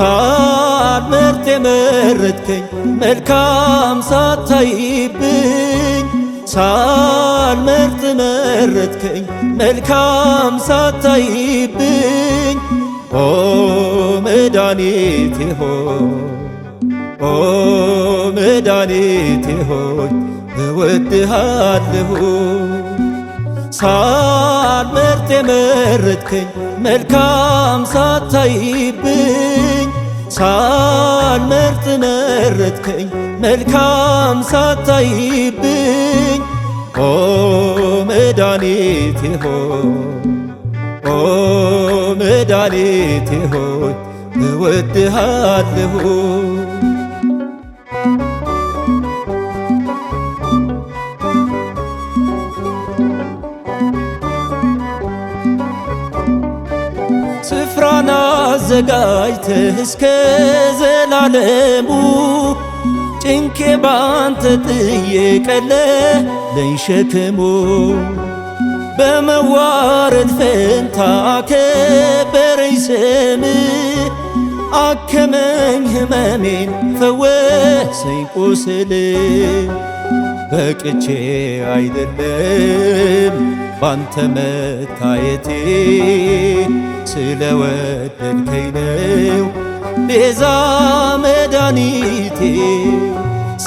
ሳልመርጥ የመረጥከኝ መልካም ሳታይብኝ ሳልመርጥ መረጥከኝ መልካም ሳታይብኝ ኦ መድኃኒቴ ሆይ ኦ መድኃኒቴ ሆይ እወድሃለሁ ሳልመርጥ የመረጥከኝ መልካም ሳታይብኝ ሳልመርጥ መረጥከኝ መልካም ሳታይብኝ ኦ መድኃኒቴ ሆይ ኦ መድኃኒቴ ሆይ እወድሃለሁ ስፍራን አዘጋጅተህ እስከ ዘላለሙ ጭንቄ ባንተ ጥዬ ቀለለኝ ሸክሙ በመዋረድ ፈንታ አከበረኝ ስም አከመኝ ህመሜን ፈወሰኝ ቁስል በቅቼ አይደለም ባንተ መታየቴ ስለወደድከኝ ነው ቤዛ መድኃኒቴ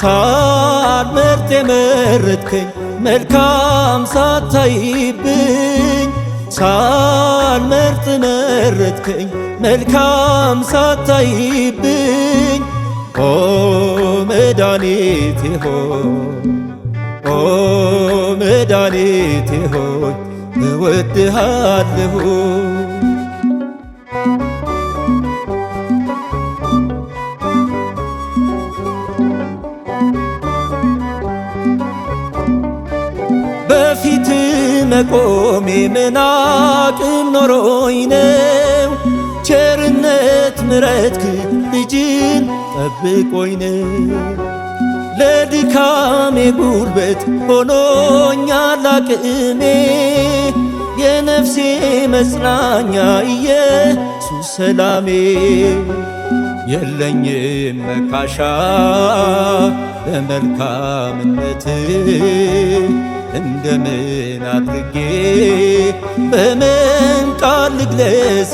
ሳልመርጥ የመረጥከኝ መልካም ሳታይብኝ ሳልመርጥ መረጥከኝ መልካም ሳታይብኝ ኦ መድኃኒቴ ሆይ ኦ መድኃኒቴ ሆይ እወድሃለሁ መቆሜ ምናቅም ኖሮኝ ነው ቸርነት ምረትክ ልጅን ጠብቆኝ ነው ለድካሜ ጉልበት ሆኖኛል አቅሜ የነፍሴ መጽናኛ ኢየሱስ ሰላሜ የለኝም መካሻ ለመልካምነት እንደምን አድርጌ በምን ቃል ልግለጽ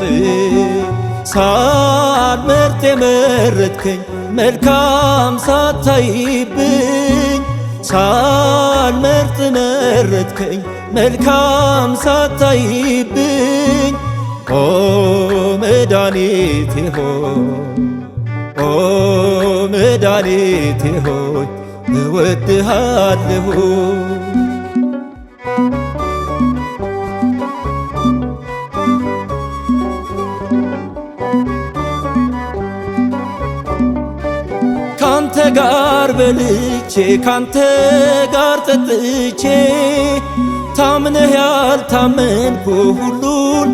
ሳልመርጥ የመረጥከኝ መልካም ሳታይብኝ ሳልመርጥ መረጥከኝ መልካም ሳታይብኝ ኦ መድኃኒቴ ሆይ ኦ መድኃኒቴ ሆይ እወድሃለሁ ጋር በልቼ ካንተ ጋር ጠጥቼ ታምነህ ያልታመንኩ ሁሉን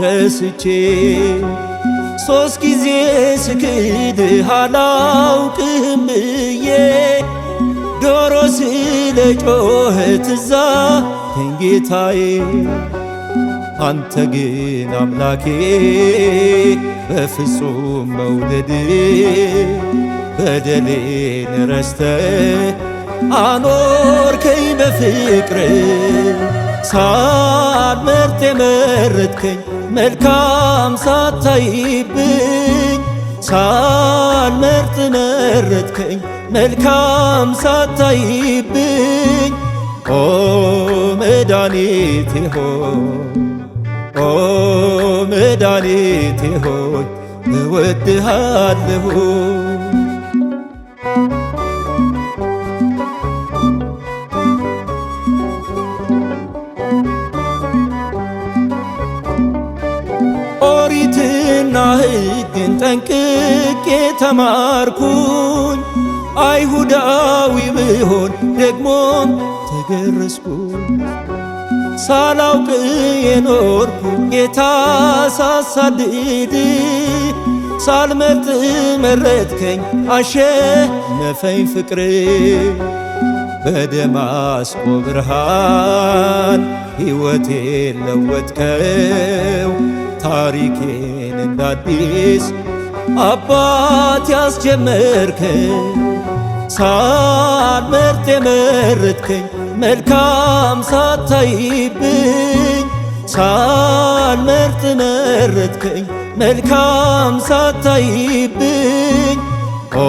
ረስቼ ሶስት ጊዜ ስክድህ አላውቅህም ብዬ ዶሮ ስለ ጮኸ ትዝ አለኝ አንተ ግን አምላኬ በፍጹም መውደድ በደሌን ረስተ አኖርከኝ በፍቅር ሳልመርጥ የመረጥከኝ መልካም ሳታይብኝ ሳልመርጥ መረጥከኝ መልካም ሳታይብኝ ኦ መድኃኒቴ ሆይ ኦ መድኃኒቴ ሆይ እወድሃለሁ ሕግን ጠንቅቄ ተማርኩኝ። አይሁዳዊ ብሆን ደግሞም ተገረዝኩኝ። ሳላውቅ የኖርኩ ጌታ ሳሳድድ ሳልመርጥ መረጥከኝ አሸነፈኝ ፍቅር በደማስቆ ብርሃን ሕይወቴን ለወጥከው ታሪኬን እንዳዲስ አባት ያስጀመርከኝ ሳልመርጥ የመረጥከኝ መልካም ሳታይብኝ ሳልመርጥ መረጥከኝ መልካም ሳታይብኝ ኦ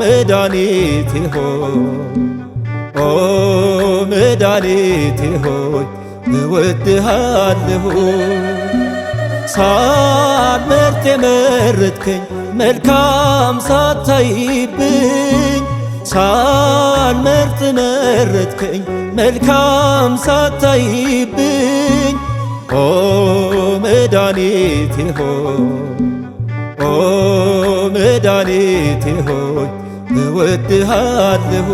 መድኃኒቴ ሆይ ኦ መድኃኒቴ ሆይ እወድሃለሁ። ሳልመርጥ የመረጥከኝ መልካም ሳታይብኝ፣ ሳልመርጥ መረጥከኝ መልካም ሳታይብኝ። ኦ መድኃኒቴ ሆይ ኦ መድኃኒቴ ሆይ እወድሃለሁ